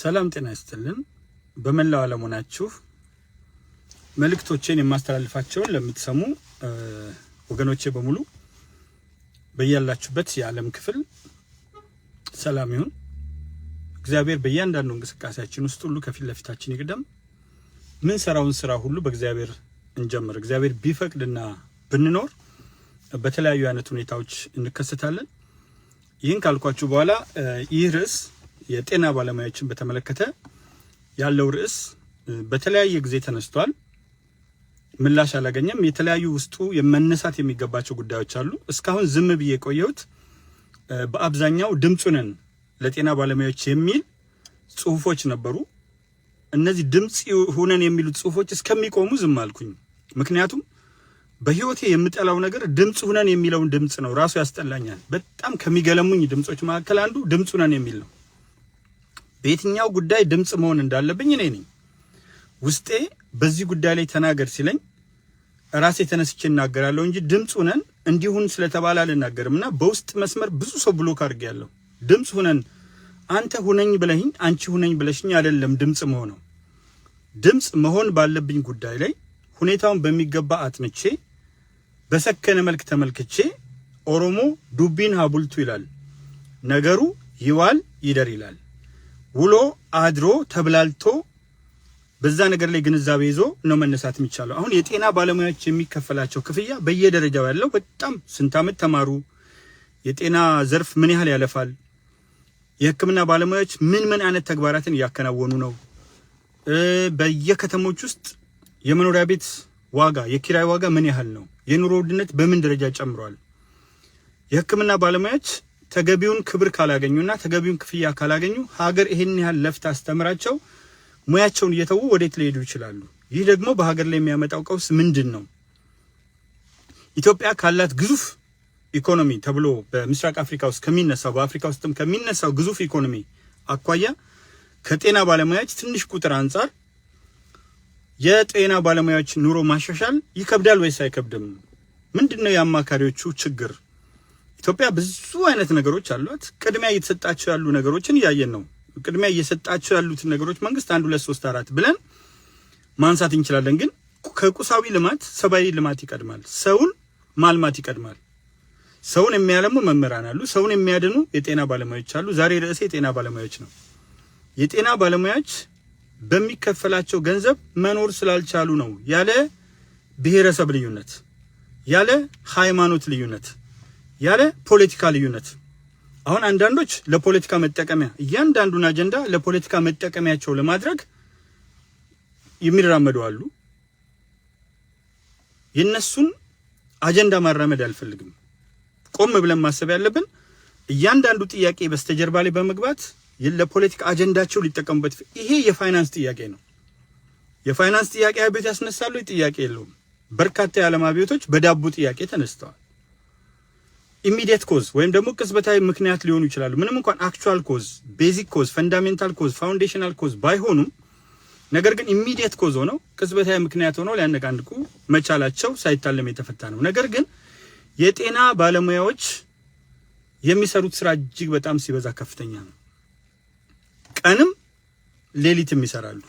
ሰላም ጤና ይስጥልን። በመላው ዓለም ሆናችሁ መልእክቶቼን የማስተላልፋቸውን ለምትሰሙ ወገኖቼ በሙሉ በያላችሁበት የዓለም ክፍል ሰላም ይሁን። እግዚአብሔር በእያንዳንዱ እንቅስቃሴያችን ውስጥ ሁሉ ከፊት ለፊታችን ይቅደም። ምን ሰራውን ስራ ሁሉ በእግዚአብሔር እንጀምር። እግዚአብሔር ቢፈቅድና ብንኖር በተለያዩ አይነት ሁኔታዎች እንከሰታለን። ይህን ካልኳችሁ በኋላ ይህ ርዕስ የጤና ባለሙያዎችን በተመለከተ ያለው ርዕስ በተለያየ ጊዜ ተነስቷል፣ ምላሽ አላገኘም። የተለያዩ ውስጡ መነሳት የሚገባቸው ጉዳዮች አሉ። እስካሁን ዝም ብዬ የቆየሁት በአብዛኛው ድምፁ ነን ለጤና ባለሙያዎች የሚል ጽሁፎች ነበሩ። እነዚህ ድምፅ ሁነን የሚሉት ጽሁፎች እስከሚቆሙ ዝም አልኩኝ። ምክንያቱም በህይወቴ የምጠላው ነገር ድምፅ ሁነን የሚለውን ድምፅ ነው። ራሱ ያስጠላኛል። በጣም ከሚገለሙኝ ድምፆች መካከል አንዱ ድምፁ ነን የሚል ነው። በየትኛው ጉዳይ ድምፅ መሆን እንዳለብኝ እኔ ነኝ። ውስጤ በዚህ ጉዳይ ላይ ተናገር ሲለኝ ራሴ ተነስቼ እናገራለሁ እንጂ ድምፅ ሁነን እንዲሁን ስለተባለ አልናገርም። እና በውስጥ መስመር ብዙ ሰው ብሎክ አድርጌያለሁ። ድምፅ ሁነን አንተ ሁነኝ ብለኝ አንቺ ሁነኝ ብለሽኝ አይደለም ድምፅ መሆነው። ድምፅ መሆን ባለብኝ ጉዳይ ላይ ሁኔታውን በሚገባ አጥንቼ በሰከነ መልክ ተመልክቼ ኦሮሞ ዱቢን ሀቡልቱ ይላል ነገሩ ይዋል ይደር ይላል። ውሎ አድሮ ተብላልቶ በዛ ነገር ላይ ግንዛቤ ይዞ ነው መነሳት የሚቻለው። አሁን የጤና ባለሙያዎች የሚከፈላቸው ክፍያ በየደረጃው ያለው በጣም ስንት ዓመት ተማሩ፣ የጤና ዘርፍ ምን ያህል ያለፋል፣ የሕክምና ባለሙያዎች ምን ምን አይነት ተግባራትን እያከናወኑ ነው፣ በየከተሞች ውስጥ የመኖሪያ ቤት ዋጋ፣ የኪራይ ዋጋ ምን ያህል ነው፣ የኑሮ ውድነት በምን ደረጃ ጨምሯል፣ የሕክምና ባለሙያዎች ተገቢውን ክብር ካላገኙና ተገቢውን ክፍያ ካላገኙ ሀገር ይሄን ያህል ለፍት አስተምራቸው ሙያቸውን እየተዉ ወዴት ሊሄዱ ይችላሉ? ይህ ደግሞ በሀገር ላይ የሚያመጣው ቀውስ ምንድን ነው? ኢትዮጵያ ካላት ግዙፍ ኢኮኖሚ ተብሎ በምስራቅ አፍሪካ ውስጥ ከሚነሳው በአፍሪካ ውስጥም ከሚነሳው ግዙፍ ኢኮኖሚ አኳያ ከጤና ባለሙያዎች ትንሽ ቁጥር አንጻር የጤና ባለሙያዎች ኑሮ ማሻሻል ይከብዳል ወይስ አይከብድም? ምንድን ነው የአማካሪዎቹ ችግር? ኢትዮጵያ ብዙ አይነት ነገሮች አሏት። ቅድሚያ እየተሰጣቸው ያሉ ነገሮችን እያየን ነው። ቅድሚያ እየሰጣቸው ያሉትን ነገሮች መንግስት አንድ ሁለት ሶስት አራት ብለን ማንሳት እንችላለን። ግን ከቁሳዊ ልማት ሰብአዊ ልማት ይቀድማል። ሰውን ማልማት ይቀድማል። ሰውን የሚያለሙ መምህራን አሉ። ሰውን የሚያድኑ የጤና ባለሙያዎች አሉ። ዛሬ ርዕሴ የጤና ባለሙያዎች ነው። የጤና ባለሙያዎች በሚከፈላቸው ገንዘብ መኖር ስላልቻሉ ነው ያለ ብሔረሰብ ልዩነት፣ ያለ ሃይማኖት ልዩነት ያለ ፖለቲካ ልዩነት አሁን አንዳንዶች ለፖለቲካ መጠቀሚያ እያንዳንዱን አጀንዳ ለፖለቲካ መጠቀሚያቸው ለማድረግ የሚራመዱ አሉ። የእነሱን አጀንዳ ማራመድ አልፈልግም። ቆም ብለን ማሰብ ያለብን እያንዳንዱ ጥያቄ በስተጀርባ ላይ በመግባት ለፖለቲካ አጀንዳቸው ሊጠቀሙበት። ይሄ የፋይናንስ ጥያቄ ነው። የፋይናንስ ጥያቄ አብዮት ያስነሳሉ፣ ጥያቄ የለውም። በርካታ የዓለም አብዮቶች በዳቦ ጥያቄ ተነስተዋል። ኢሚዲየት ኮዝ ወይም ደግሞ ቅጽበታዊ ምክንያት ሊሆኑ ይችላሉ። ምንም እንኳን አክቹዋል ኮዝ፣ ቤዚክ ኮዝ፣ ፈንዳሜንታል ኮዝ፣ ፋውንዴሽናል ኮዝ ባይሆኑም ነገር ግን ኢሚዲየት ኮዝ ሆነው ቅጽበታዊ ምክንያት ሆነው ሊያነቃንቁ መቻላቸው ሳይታለም የተፈታ ነው። ነገር ግን የጤና ባለሙያዎች የሚሰሩት ስራ እጅግ በጣም ሲበዛ ከፍተኛ ነው። ቀንም ሌሊትም ይሰራሉ።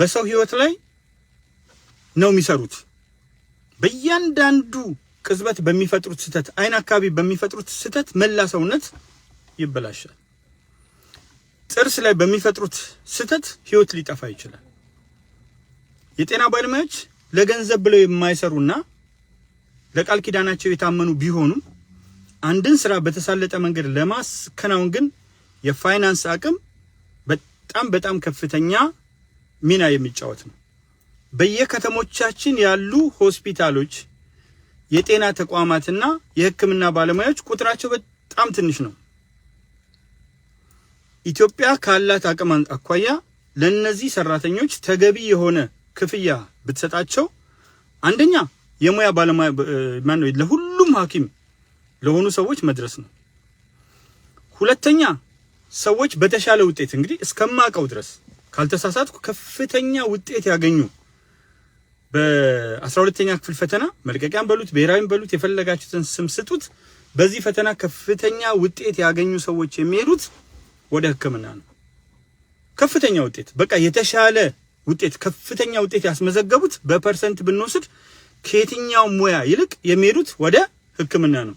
በሰው ህይወት ላይ ነው የሚሰሩት በእያንዳንዱ ቅጽበት በሚፈጥሩት ስህተት፣ አይን አካባቢ በሚፈጥሩት ስህተት መላ ሰውነት ይበላሻል። ጥርስ ላይ በሚፈጥሩት ስህተት ህይወት ሊጠፋ ይችላል። የጤና ባለሙያዎች ለገንዘብ ብለው የማይሰሩና ለቃል ኪዳናቸው የታመኑ ቢሆኑም አንድን ስራ በተሳለጠ መንገድ ለማስከናወን ግን የፋይናንስ አቅም በጣም በጣም ከፍተኛ ሚና የሚጫወት ነው። በየከተሞቻችን ያሉ ሆስፒታሎች የጤና ተቋማትና የሕክምና ባለሙያዎች ቁጥራቸው በጣም ትንሽ ነው። ኢትዮጵያ ካላት አቅም አኳያ ለነዚህ ሰራተኞች ተገቢ የሆነ ክፍያ ብትሰጣቸው አንደኛ የሙያ ባለሙያ ነው ለሁሉም ሐኪም ለሆኑ ሰዎች መድረስ ነው። ሁለተኛ ሰዎች በተሻለ ውጤት እንግዲህ እስከማውቀው ድረስ ካልተሳሳትኩ ከፍተኛ ውጤት ያገኙ 12 ሁለተኛ ክፍል ፈተና መልቀቂያም በሉት ብሔራዊም በሉት የፈለጋችሁትን ስም ስጡት። በዚህ ፈተና ከፍተኛ ውጤት ያገኙ ሰዎች የሚሄዱት ወደ ሕክምና ነው። ከፍተኛ ውጤት በቃ የተሻለ ውጤት ከፍተኛ ውጤት ያስመዘገቡት በፐርሰንት ብንወስድ ከየትኛው ሙያ ይልቅ የሚሄዱት ወደ ሕክምና ነው።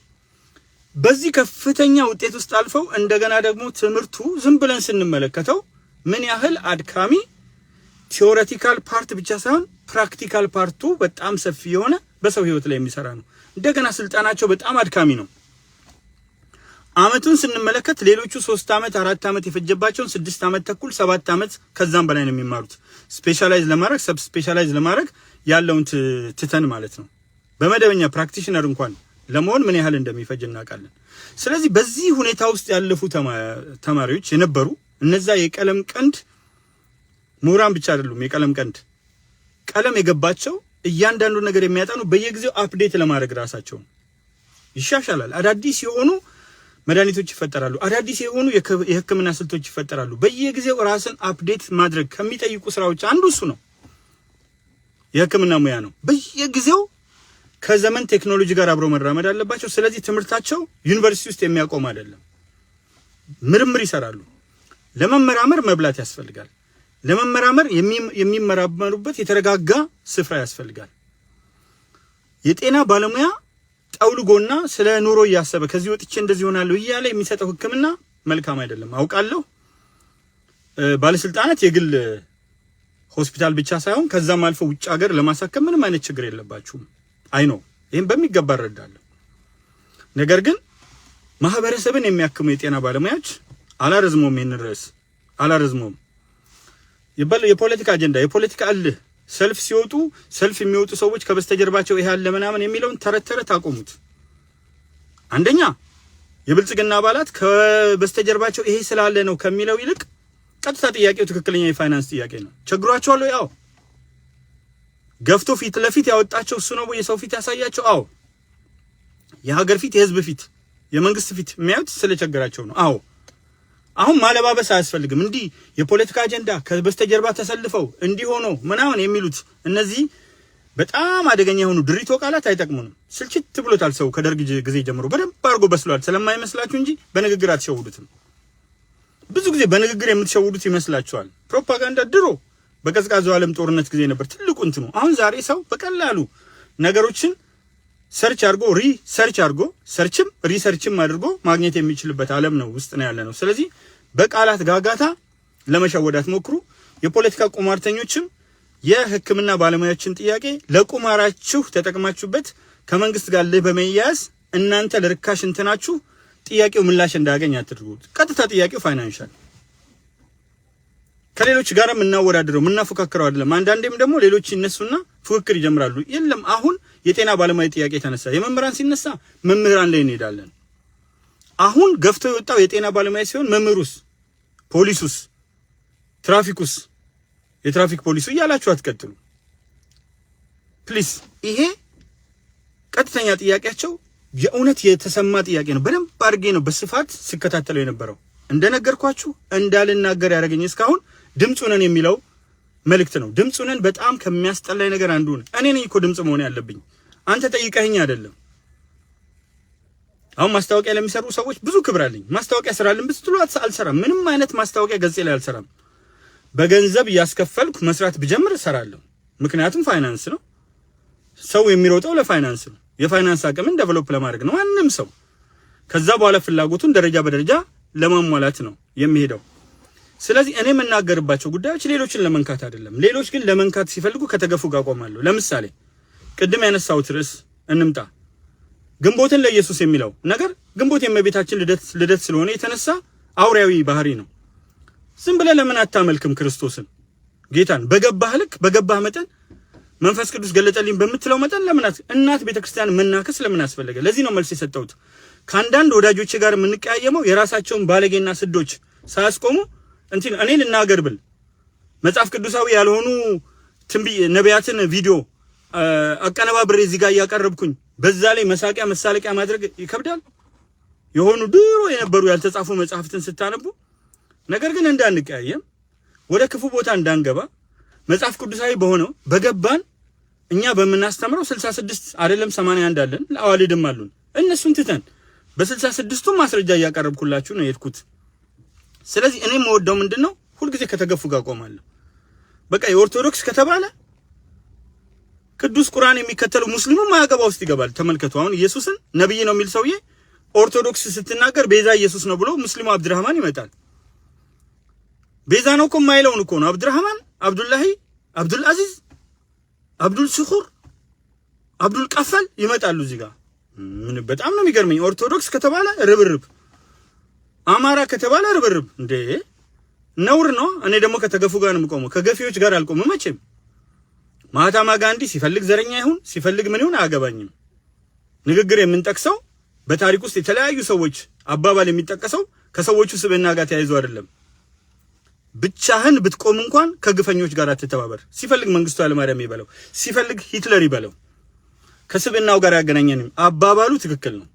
በዚህ ከፍተኛ ውጤት ውስጥ አልፈው እንደገና ደግሞ ትምህርቱ ዝም ብለን ስንመለከተው ምን ያህል አድካሚ ቲዎሬቲካል ፓርት ብቻ ሳይሆን ፕራክቲካል ፓርቱ በጣም ሰፊ የሆነ በሰው ህይወት ላይ የሚሰራ ነው። እንደገና ስልጠናቸው በጣም አድካሚ ነው። አመቱን ስንመለከት ሌሎቹ ሶስት አመት አራት አመት የፈጀባቸውን ስድስት አመት ተኩል ሰባት አመት ከዛም በላይ ነው የሚማሩት ስፔሻላይዝ ለማድረግ ሰብ ስፔሻላይዝ ለማድረግ ያለውን ትተን ማለት ነው። በመደበኛ ፕራክቲሽነር እንኳን ለመሆን ምን ያህል እንደሚፈጅ እናውቃለን። ስለዚህ በዚህ ሁኔታ ውስጥ ያለፉ ተማሪዎች የነበሩ እነዛ የቀለም ቀንድ ምሁራን ብቻ አይደሉም። የቀለም ቀንድ ቀለም የገባቸው እያንዳንዱ ነገር የሚያጠኑ በየጊዜው አፕዴት ለማድረግ ራሳቸውን ይሻሻላል። አዳዲስ የሆኑ መድኃኒቶች ይፈጠራሉ። አዳዲስ የሆኑ የሕክምና ስልቶች ይፈጠራሉ። በየጊዜው ራስን አፕዴት ማድረግ ከሚጠይቁ ስራዎች አንዱ እሱ ነው። የሕክምና ሙያ ነው። በየጊዜው ከዘመን ቴክኖሎጂ ጋር አብሮ መራመድ አለባቸው። ስለዚህ ትምህርታቸው ዩኒቨርሲቲ ውስጥ የሚያቆም አይደለም። ምርምር ይሰራሉ። ለመመራመር መብላት ያስፈልጋል። ለመመራመር የሚመራመሩበት የተረጋጋ ስፍራ ያስፈልጋል። የጤና ባለሙያ ጠውልጎና ስለ ኑሮ እያሰበ ከዚህ ወጥቼ እንደዚህ ሆናለሁ እያለ የሚሰጠው ሕክምና መልካም አይደለም አውቃለሁ። ባለስልጣናት የግል ሆስፒታል ብቻ ሳይሆን ከዛም አልፎ ውጭ ሀገር ለማሳከም ምንም አይነት ችግር የለባችሁም። አይኖ ይህም በሚገባ እረዳለሁ። ነገር ግን ማህበረሰብን የሚያክሙ የጤና ባለሙያዎች አላረዝሞም፣ ይህንን ርዕስ አላረዝሞም። የፖለቲካ አጀንዳ የፖለቲካ እልህ ሰልፍ ሲወጡ ሰልፍ የሚወጡ ሰዎች ከበስተጀርባቸው ይሄ አለ ምናምን የሚለውን ተረት ተረት አቆሙት። አንደኛ የብልጽግና አባላት ከበስተጀርባቸው ይሄ ስላለ ነው ከሚለው ይልቅ ቀጥታ ጥያቄው ትክክለኛ የፋይናንስ ጥያቄ ነው። ቸግሯቸዋል። አዎ። ገፍቶ ፊት ለፊት ያወጣቸው እሱ ነው። የሰው ፊት ያሳያቸው። አዎ። የሀገር ፊት፣ የህዝብ ፊት፣ የመንግስት ፊት የሚያዩት ስለቸገራቸው ነው። አዎ። አሁን ማለባበስ አያስፈልግም። እንዲህ የፖለቲካ አጀንዳ ከበስተጀርባ ተሰልፈው እንዲሆነው ምናምን የሚሉት እነዚህ በጣም አደገኛ የሆኑ ድሪቶ ቃላት አይጠቅሙንም። ስልችት ብሎታል ሰው ከደርግ ጊዜ ጀምሮ በደንብ አድርጎ በስሏል። ስለማይመስላችሁ እንጂ በንግግር አትሸውዱትም። ብዙ ጊዜ በንግግር የምትሸውዱት ይመስላችኋል። ፕሮፓጋንዳ ድሮ በቀዝቃዛው ዓለም ጦርነት ጊዜ ነበር ትልቁ እንትኑ። አሁን ዛሬ ሰው በቀላሉ ነገሮችን ሰርች አድርጎ ሪሰርች አድርጎ ሰርችም ሪሰርችም አድርጎ ማግኘት የሚችልበት ዓለም ነው ውስጥ ነው ያለ ነው። ስለዚህ በቃላት ጋጋታ ለመሸወድ አትሞክሩ። የፖለቲካ ቁማርተኞችም የሕክምና ባለሙያዎችን ጥያቄ ለቁማራችሁ ተጠቅማችሁበት ከመንግስት ጋር በመያያዝ እናንተ ለርካሽ እንትናችሁ ጥያቄው ምላሽ እንዳያገኝ አትድርጉት። ቀጥታ ጥያቄው ፋይናንሻል ከሌሎች ጋር የምናወዳድረው የምናፎካክረው አይደለም። አንዳንዴም ደግሞ ሌሎች ይነሱና ፉክክር ይጀምራሉ። የለም አሁን የጤና ባለሙያ ጥያቄ ተነሳ፣ የመምህራን ሲነሳ መምህራን ላይ እንሄዳለን። አሁን ገፍቶ የወጣው የጤና ባለሙያ ሲሆን መምህሩስ፣ ፖሊሱስ፣ ትራፊኩስ፣ የትራፊክ ፖሊሱ እያላችሁ አትቀጥሉ ፕሊስ። ይሄ ቀጥተኛ ጥያቄያቸው የእውነት የተሰማ ጥያቄ ነው። በደንብ አድርጌ ነው በስፋት ስከታተለው የነበረው። እንደነገርኳችሁ እንዳልናገር ያደረገኝ እስካሁን ድምፁነን ነን የሚለው መልእክት ነው። ድምፁ ነን በጣም ከሚያስጠላኝ ነገር አንዱ ነው። እኔ ነኝ እኮ ድምፅ መሆን ያለብኝ። አንተ ጠይቀኸኝ አይደለም። አሁን ማስታወቂያ ለሚሰሩ ሰዎች ብዙ ክብር አለኝ። ማስታወቂያ ስራልን ብትሉ አልሰራም። ምንም አይነት ማስታወቂያ ገጽ ላይ አልሰራም። በገንዘብ እያስከፈልኩ መስራት ብጀምር እሰራለሁ። ምክንያቱም ፋይናንስ ነው። ሰው የሚሮጠው ለፋይናንስ ነው። የፋይናንስ አቅምን ደቨሎፕ ለማድረግ ነው ማንም ሰው። ከዛ በኋላ ፍላጎቱን ደረጃ በደረጃ ለማሟላት ነው የሚሄደው። ስለዚህ እኔ የምናገርባቸው ጉዳዮች ሌሎችን ለመንካት አይደለም። ሌሎች ግን ለመንካት ሲፈልጉ ከተገፉ ጋር ቆማለሁ። ለምሳሌ ቅድም ያነሳሁት ርዕስ እንምጣ። ግንቦትን ለኢየሱስ የሚለው ነገር ግንቦት የእመቤታችን ልደት ልደት ስለሆነ የተነሳ አውሪያዊ ባህሪ ነው። ዝም ብለህ ለምን አታመልክም ክርስቶስን ጌታን? በገባህ ልክ በገባህ መጠን መንፈስ ቅዱስ ገለጠልኝ በምትለው መጠን ለምን እናት ቤተክርስቲያን መናከስ ለምን አስፈለገ? ለዚህ ነው መልስ የሰጠሁት። ከአንዳንድ ወዳጆች ጋር የምንቀያየመው የራሳቸውን ባለጌና ስዶች ሳያስቆሙ እንትን እኔ ልናገር ብል መጽሐፍ ቅዱሳዊ ያልሆኑ ትንቢት ነቢያትን ቪዲዮ አቀነባብሬ እዚህ ጋር እያቀረብኩኝ በዛ ላይ መሳቂያ መሳለቂያ ማድረግ ይከብዳል። የሆኑ ድሮ የነበሩ ያልተጻፉ መጽሐፍትን ስታነቡ ነገር ግን እንዳንቀያየም ወደ ክፉ ቦታ እንዳንገባ መጽሐፍ ቅዱሳዊ በሆነው በገባን እኛ በምናስተምረው 66 አይደለም 81 አለን፣ ለአዋልድም አሉን። እነሱን ትተን በ66ቱ ማስረጃ እያቀረብኩላችሁ ነው የሄድኩት። ስለዚህ እኔ የምወደው ምንድን ነው? ሁልጊዜ ከተገፉ ጋር ቆማለሁ። በቃ የኦርቶዶክስ ከተባለ ቅዱስ ቁርአን የሚከተሉ ሙስሊሙ ማያገባ ውስጥ ይገባል። ተመልከቱ። አሁን ኢየሱስን ነብይ ነው የሚል ሰውዬ ኦርቶዶክስ ስትናገር ቤዛ ኢየሱስ ነው ብሎ ሙስሊሙ አብድራህማን ይመጣል። ቤዛ ነው እኮ የማይለውን እኮ ነው። አብድራህማን፣ አብዱላሂ፣ አብዱል አዚዝ፣ አብዱል ሽኩር፣ አብዱል ቀፈል ይመጣሉ እዚህ ጋር። ምን በጣም ነው የሚገርመኝ። ኦርቶዶክስ ከተባለ ርብርብ፣ አማራ ከተባለ ርብርብ። እንዴ ነውር ነው። እኔ ደግሞ ከተገፉ ጋር ነው የምቆመው፣ ከገፊዎች ጋር አልቆምም መቼም። ማህተማ ጋንዲ ሲፈልግ ዘረኛ ይሁን ሲፈልግ ምን ይሁን አያገባኝም። ንግግር የምንጠቅሰው በታሪክ ውስጥ የተለያዩ ሰዎች አባባል የሚጠቀሰው ከሰዎቹ ስብዕና ጋር ተያይዞ አይደለም። ብቻህን ብትቆም እንኳን ከግፈኞች ጋር አትተባበር። ሲፈልግ መንግስቱ ኃይለማርያም ይበለው፣ ሲፈልግ ሂትለር ይበለው፣ ከስብዕናው ጋር ያገናኘንም አባባሉ ትክክል ነው።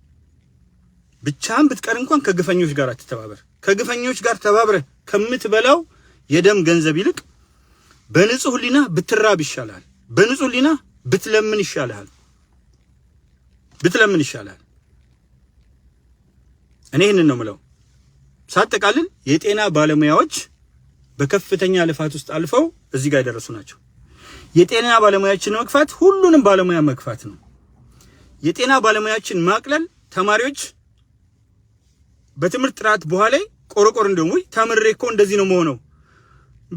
ብቻህን ብትቀር እንኳን ከግፈኞች ጋር አትተባበር። ከግፈኞች ጋር ተባብረህ ከምትበላው የደም ገንዘብ ይልቅ በንጹህ ሕሊና ብትራብ ይሻላል። በንጹህ ሊና ብትለምን ይሻልሃል፣ ብትለምን ይሻልሃል። እኔ ይህንን ነው ምለው። ሳጠቃልል የጤና ባለሙያዎች በከፍተኛ ልፋት ውስጥ አልፈው እዚህ ጋር የደረሱ ናቸው። የጤና ባለሙያችን መግፋት ሁሉንም ባለሙያ መግፋት ነው። የጤና ባለሙያችን ማቅለል ተማሪዎች በትምህርት ጥራት በኋላ ቆረቆር እንደውም ተምሬ እኮ እንደዚህ ነው መሆነው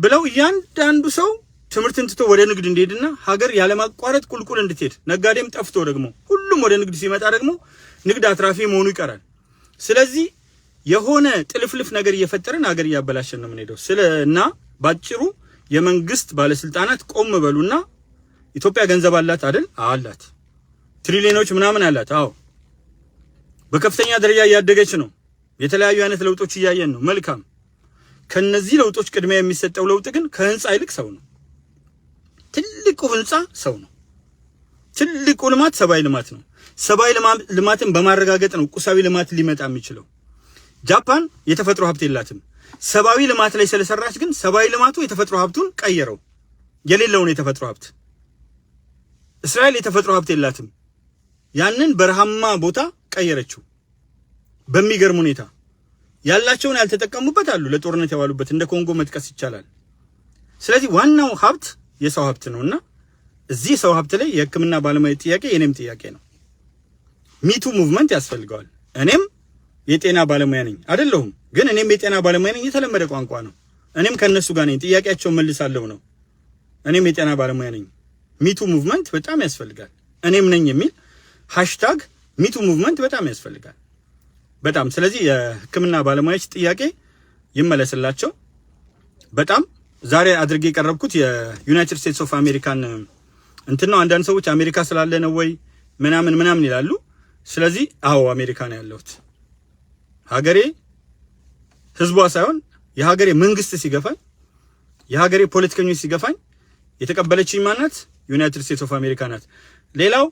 ብለው እያንዳንዱ ሰው ትምህርትን ትቶ ወደ ንግድ እንዲሄድና ሀገር ያለማቋረጥ ቁልቁል እንድትሄድ ነጋዴም ጠፍቶ ደግሞ ሁሉም ወደ ንግድ ሲመጣ ደግሞ ንግድ አትራፊ መሆኑ ይቀራል። ስለዚህ የሆነ ጥልፍልፍ ነገር እየፈጠረን ሀገር እያበላሸን ነው የምንሄደው። ስለ እና ባጭሩ የመንግስት ባለስልጣናት ቆም በሉና ኢትዮጵያ ገንዘብ አላት አይደል? አላት። ትሪሊዮኖች ምናምን አላት። አዎ በከፍተኛ ደረጃ እያደገች ነው። የተለያዩ አይነት ለውጦች እያየን ነው። መልካም። ከነዚህ ለውጦች ቅድሚያ የሚሰጠው ለውጥ ግን ከህንፃ ይልቅ ሰው ነው። ትልቁ ህንፃ ሰው ነው። ትልቁ ልማት ሰብአዊ ልማት ነው። ሰብአዊ ልማትን በማረጋገጥ ነው ቁሳዊ ልማት ሊመጣ የሚችለው። ጃፓን የተፈጥሮ ሀብት የላትም። ሰብአዊ ልማት ላይ ስለሰራች ግን ሰብአዊ ልማቱ የተፈጥሮ ሀብቱን ቀየረው፣ የሌለውን የተፈጥሮ ሀብት። እስራኤል የተፈጥሮ ሀብት የላትም። ያንን በረሃማ ቦታ ቀየረችው በሚገርም ሁኔታ። ያላቸውን ያልተጠቀሙበት አሉ፣ ለጦርነት የዋሉበት እንደ ኮንጎ መጥቀስ ይቻላል። ስለዚህ ዋናው ሀብት የሰው ሀብት ነው እና እዚህ ሰው ሀብት ላይ የህክምና ባለሙያ ጥያቄ የኔም ጥያቄ ነው። ሚቱ ሙቭመንት ያስፈልገዋል። እኔም የጤና ባለሙያ ነኝ አይደለሁም፣ ግን እኔም የጤና ባለሙያ ነኝ። የተለመደ ቋንቋ ነው። እኔም ከነሱ ጋር ነኝ። ጥያቄያቸውን መልሳለሁ ነው። እኔም የጤና ባለሙያ ነኝ። ሚቱ ሙቭመንት በጣም ያስፈልጋል። እኔም ነኝ የሚል ሃሽታግ ሚቱ ሙቭመንት በጣም ያስፈልጋል። በጣም ስለዚህ የህክምና ባለሙያዎች ጥያቄ ይመለስላቸው በጣም ዛሬ አድርጌ የቀረብኩት የዩናይትድ ስቴትስ ኦፍ አሜሪካን እንትን ነው። አንዳንድ ሰዎች አሜሪካ ስላለ ነው ወይ ምናምን ምናምን ይላሉ። ስለዚህ አዎ አሜሪካ ነው ያለሁት። ሀገሬ ህዝቧ ሳይሆን የሀገሬ መንግስት ሲገፋኝ፣ የሀገሬ ፖለቲከኞች ሲገፋኝ የተቀበለችኝ ማናት? ዩናይትድ ስቴትስ ኦፍ አሜሪካ ናት። ሌላው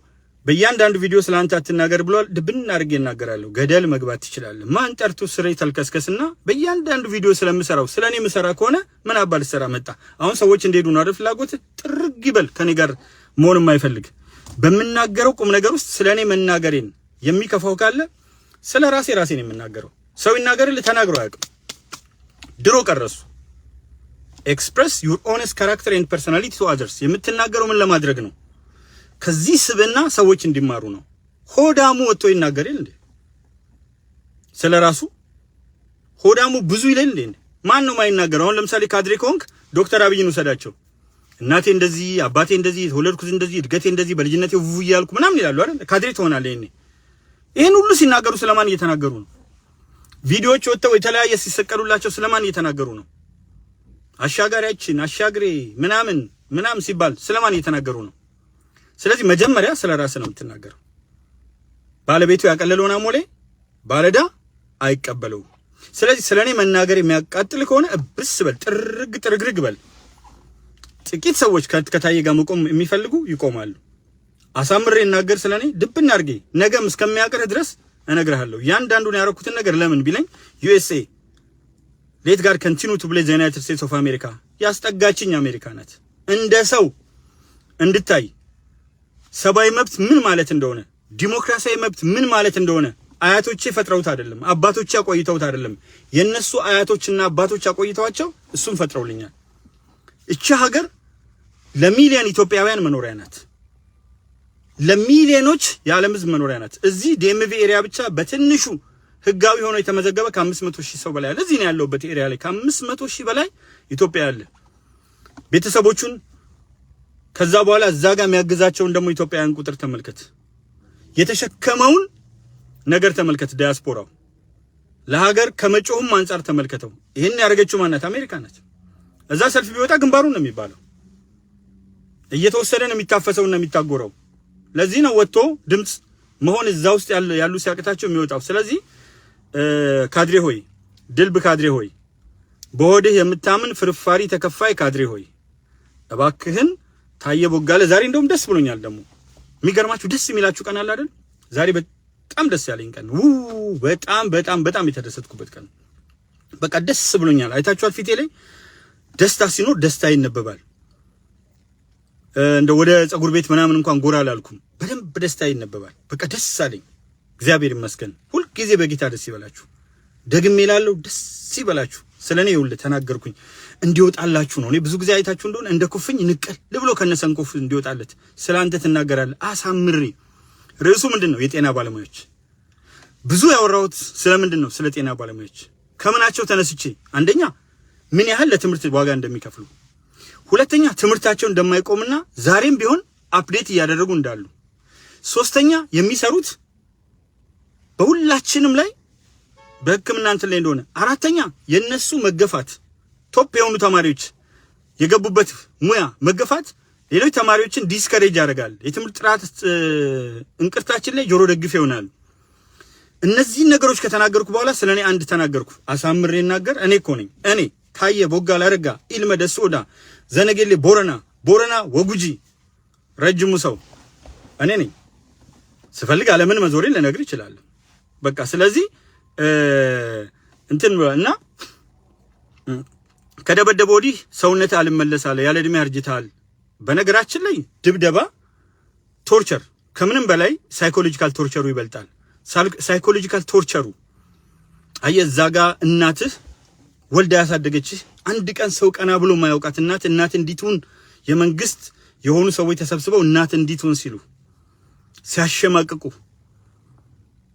በእያንዳንዱ ቪዲዮ ስለ አንተ አትናገር ብሏል። ድብን አድርጌ እናገራለሁ። ገደል መግባት ትችላለህ። ማን ጠርቶ ስሬ ተልከስከስና በእያንዳንዱ ቪዲዮ ስለምሰራው ስለ እኔ ምሰራ ከሆነ ምን አባል ስራ መጣ። አሁን ሰዎች እንደሄዱ ነው አይደል ፍላጎት። ጥርግ ይበል ከኔ ጋር መሆን የማይፈልግ በምናገረው ቁም ነገር ውስጥ ስለ እኔ መናገሬን የሚከፋው ካለ ስለ ራሴ ራሴን የምናገረው ሰው ይናገርልህ ተናግሮ አያውቅም። ድሮ ቀረሱ ኤክስፕረስ ዩር ኦነስት ካራክተር ኤንድ ፐርሶናሊቲ ቱ አዘርስ የምትናገረው ምን ለማድረግ ነው ከዚህ ስብና ሰዎች እንዲማሩ ነው። ሆዳሙ ወጥቶ ይናገር ይል እንዴ? ስለ ራሱ ሆዳሙ ብዙ ይላል እንዴ? ማን ነው ማይናገረው? አሁን ለምሳሌ ካድሬ ከሆንክ ዶክተር አብይን ውሰዳቸው። እናቴ እንደዚህ አባቴ እንደዚህ የተወለድኩት እንደዚህ እድገቴ እንደዚህ በልጅነቴ ውው እያልኩ ምናምን ይላሉ አይደል? ካድሬ ትሆናለህ። ይሄኔ ይህን ሁሉ ሲናገሩ ስለማን እየተናገሩ ነው? ቪዲዮዎች ወጥተው የተለያየ ሲሰቀሉላቸው ስለማን እየተናገሩ ነው? አሻጋሪያችን አሻግሬ ምናምን ምናምን ሲባል ስለማን እየተናገሩ ነው? ስለዚህ መጀመሪያ ስለ ራስ ነው የምትናገረው። ባለቤቱ ያቀለለውን አሞሌ ባለዳ አይቀበለው ስለዚህ ስለ እኔ መናገር የሚያቃጥል ከሆነ እብስ በል፣ ጥርግ ጥርግርግ በል። ጥቂት ሰዎች ከታየ ጋር መቆም የሚፈልጉ ይቆማሉ። አሳምሬ እናገር ስለ እኔ ድብና አድርጌ ነገም እስከሚያቀርህ ድረስ እነግርሃለሁ። ያንዳንዱን ያረኩትን ነገር ለምን ቢለኝ ዩኤስኤ ሌት ጋር ከንቲኑ ቱ ብሌዝ ዩናይትድ ስቴትስ ኦፍ አሜሪካ ያስጠጋችኝ አሜሪካ ናት። እንደ ሰው እንድታይ ሰብአዊ መብት ምን ማለት እንደሆነ፣ ዲሞክራሲያዊ መብት ምን ማለት እንደሆነ አያቶቼ ፈጥረውት አይደለም፣ አባቶቼ አቆይተውት አይደለም። የነሱ አያቶችና አባቶች አቆይተዋቸው እሱም ፈጥረውልኛል። እቺ ሀገር ለሚሊዮን ኢትዮጵያውያን መኖሪያ ናት። ለሚሊዮኖች የዓለም ሕዝብ መኖሪያ ናት። እዚህ ዲኤምቪ ኤሪያ ብቻ በትንሹ ህጋዊ ሆኖ የተመዘገበ ከ500 ሺህ ሰው በላይ አለ። እዚህ ነው ያለሁበት ኤሪያ ላይ ከ500 ሺህ በላይ ኢትዮጵያ አለ። ቤተሰቦቹን ከዛ በኋላ እዛ ጋር የሚያግዛቸውን ደግሞ ኢትዮጵያውያን ቁጥር ተመልከት። የተሸከመውን ነገር ተመልከት። ዲያስፖራው ለሀገር ከመጮሁም አንጻር ተመልከተው። ይህን ያደረገችው ማናት? አሜሪካ ናት። እዛ ሰልፍ ቢወጣ ግንባሩ ነው የሚባለው። እየተወሰደ ነው የሚታፈሰው እና የሚታጎረው። ለዚህ ነው ወጥቶ ድምፅ መሆን እዛ ውስጥ ያሉ ሲያቅታቸው የሚወጣው። ስለዚህ ካድሬ ሆይ፣ ድልብ ካድሬ ሆይ፣ በሆድህ የምታምን ፍርፋሪ ተከፋይ ካድሬ ሆይ እባክህን ታየ ቦጋለ ዛሬ እንደውም ደስ ብሎኛል። ደግሞ የሚገርማችሁ ደስ የሚላችሁ ቀን አለ አይደል? ዛሬ በጣም ደስ ያለኝ ቀን ው በጣም በጣም በጣም የተደሰትኩበት ቀን በቃ ደስ ብሎኛል። አይታችኋል፣ ፊቴ ላይ ደስታ ሲኖር ደስታ ይነበባል። እንደ ወደ ጸጉር ቤት ምናምን እንኳን ጎራ አላልኩም። በደንብ ደስታ ይነበባል። በቃ ደስ አለኝ። እግዚአብሔር ይመስገን። ሁልጊዜ በጌታ ደስ ይበላችሁ። ደግሜ እላለሁ፣ ደስ ይበላችሁ። ስለ እኔ ይኸውልህ ተናገርኩኝ እንዲወጣላችሁ ነው። እኔ ብዙ ጊዜ አይታችሁ እንደሆነ እንደ ኩፍኝ ንቅል ልብሎ ከነሰንኮፍ እንዲወጣለት ስለ አንተ ትናገራለህ። አሳምሪ ርዕሱ ምንድን ነው? የጤና ባለሙያዎች ብዙ ያወራሁት ምንድን ነው? ስለ ጤና ባለሙያዎች ከምናቸው ተነስቼ አንደኛ ምን ያህል ለትምህርት ዋጋ እንደሚከፍሉ፣ ሁለተኛ ትምህርታቸው እንደማይቆምና ዛሬም ቢሆን አፕዴት እያደረጉ እንዳሉ፣ ሶስተኛ የሚሰሩት በሁላችንም ላይ በህክምና እንትን ላይ እንደሆነ አራተኛ የነሱ መገፋት ቶፕ የሆኑ ተማሪዎች የገቡበት ሙያ መገፋት ሌሎች ተማሪዎችን ዲስከሬጅ ያደርጋል። የትምህርት ጥራት እንቅርታችን ላይ ጆሮ ደግፍ ይሆናል። እነዚህን ነገሮች ከተናገርኩ በኋላ ስለ እኔ አንድ ተናገርኩ። አሳምሬ እናገር እኔ እኮ ነኝ እኔ ታዬ ቦጋለ አረጋ ኢልመደ ሶዳ ዘነጌሌ ቦረና ቦረና ወጉጂ ረጅሙ ሰው እኔ ነኝ። ስፈልግ አለምን መዞሬ ልነግር ይችላል። በቃ ስለዚህ እንትን እና ከደበደበ ወዲህ ሰውነት አልመለሳለ ያለ እድሜ አርጅታል። በነገራችን ላይ ድብደባ ቶርቸር ከምንም በላይ ሳይኮሎጂካል ቶርቸሩ ይበልጣል። ሳይኮሎጂካል ቶርቸሩ አየህ፣ እዛ ጋ እናትህ ወልዳ ያሳደገችህ አንድ ቀን ሰው ቀና ብሎ ማያውቃት እናት እናት እንዲትሁን የመንግስት የሆኑ ሰዎች ተሰብስበው እናት እንዲትሁን ሲሉ ሲያሸማቅቁ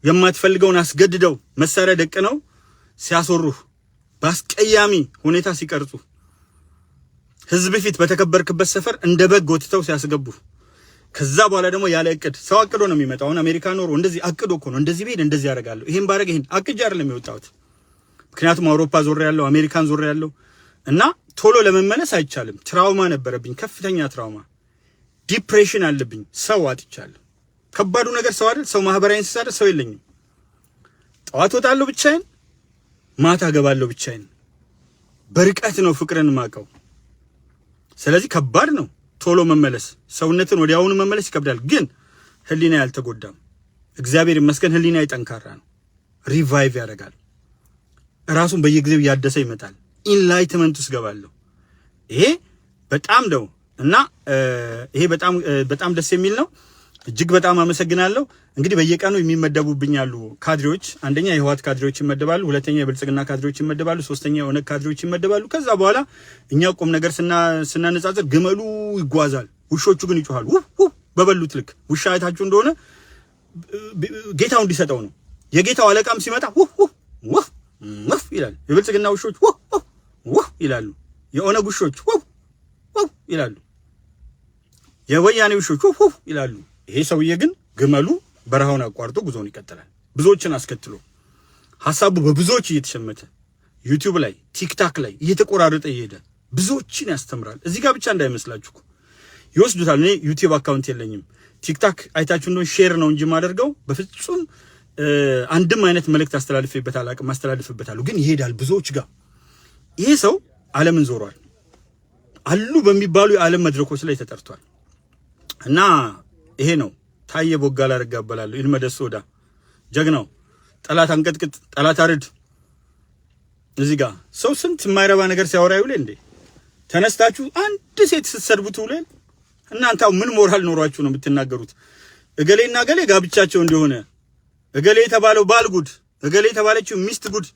የማትፈልገውን አስገድደው መሳሪያ ደቅነው ሲያስወሩህ፣ በአስቀያሚ ሁኔታ ሲቀርጹ፣ ህዝብ ፊት በተከበርክበት ሰፈር እንደ በግ ወጥተው ሲያስገቡ፣ ከዛ በኋላ ደግሞ ያለ እቅድ ሰው አቅዶ ነው የሚመጣው። አሁን አሜሪካ ኖሮ እንደዚህ አቅዶ እኮ ነው እንደዚህ ብሄድ እንደዚህ ያደርጋለሁ፣ ይሄን ባደርግ ይሄን አቅጄ አይደለም የወጣሁት። ምክንያቱም አውሮፓ ዞር ያለው አሜሪካን ዞር ያለው እና ቶሎ ለመመለስ አይቻልም። ትራውማ ነበረብኝ፣ ከፍተኛ ትራውማ ዲፕሬሽን አለብኝ። ሰው አጥቻለሁ። ከባዱ ነገር ሰው አይደል? ሰው ማህበራዊ እንስሳ አይደል? ሰው የለኝም። ጠዋት ወጣለሁ ብቻዬን፣ ማታ ገባለሁ ብቻዬን። በርቀት ነው ፍቅርን ማቀው። ስለዚህ ከባድ ነው ቶሎ መመለስ። ሰውነትን ወዲያውኑ መመለስ ይከብዳል። ግን ህሊና ያልተጎዳም እግዚአብሔር ይመስገን። ህሊና ጠንካራ ነው። ሪቫይቭ ያደርጋል። ራሱን በየጊዜው እያደሰ ይመጣል። ኢንላይትመንት ውስጥ ገባለሁ። ይሄ በጣም ነው እና ይሄ በጣም በጣም ደስ የሚል ነው። እጅግ በጣም አመሰግናለሁ። እንግዲህ በየቀኑ የሚመደቡብኝ ያሉ ካድሬዎች አንደኛ የህወሓት ካድሬዎች ይመደባሉ፣ ሁለተኛ የብልጽግና ካድሬዎች ይመደባሉ፣ ሶስተኛ የኦነግ ካድሬዎች ይመደባሉ። ከዛ በኋላ እኛ ቁም ነገር ስናነጻጽር ግመሉ ይጓዛል፣ ውሾቹ ግን ይጮኋሉ። በበሉት ልክ ውሻ አይታችሁ እንደሆነ ጌታው እንዲሰጠው ነው። የጌታው አለቃም ሲመጣ ውፍ ውፍ ውፍ ይላል። የብልጽግና ውሾች ውፍ ይላሉ። የኦነግ ውሾች ውፍ ይላሉ። የወያኔ ውሾች ውፍ ይላሉ። ይሄ ሰውዬ ግን ግመሉ በረሃውን አቋርጦ ጉዞውን ይቀጥላል። ብዙዎችን አስከትሎ ሀሳቡ በብዙዎች እየተሸመተ ዩቲዩብ ላይ ቲክታክ ላይ እየተቆራረጠ እየሄደ ብዙዎችን ያስተምራል። እዚህ ጋር ብቻ እንዳይመስላችሁ ይወስዱታል። እኔ ዩቲዩብ አካውንት የለኝም። ቲክታክ አይታችሁ እንደሆነ ሼር ነው እንጂ ማደርገው በፍጹም አንድም አይነት መልእክት አስተላልፌበት አላቅም። አስተላልፍበታለሁ ግን ይሄዳል ብዙዎች ጋር። ይሄ ሰው ዓለምን ዞሯል። አሉ በሚባሉ የዓለም መድረኮች ላይ ተጠርቷል እና ይሄ ነው ታየ ቦጋለ አረጋ እባላለሁ። ይልመደስ ወዳ ጀግናው ጠላት አንቀጥቅጥ፣ ጠላት አርድ። እዚህ ጋር ሰው ስንት የማይረባ ነገር ሲያወራ ይውል እንዴ? ተነስታችሁ አንድ ሴት ስትሰድቡት ውለን እናንተ ምን ሞራል ኖሯችሁ ነው የምትናገሩት? እገሌና እገሌ ጋብቻቸው እንደሆነ እገሌ የተባለው ባል ጉድ፣ እገሌ የተባለችው ሚስት ጉድ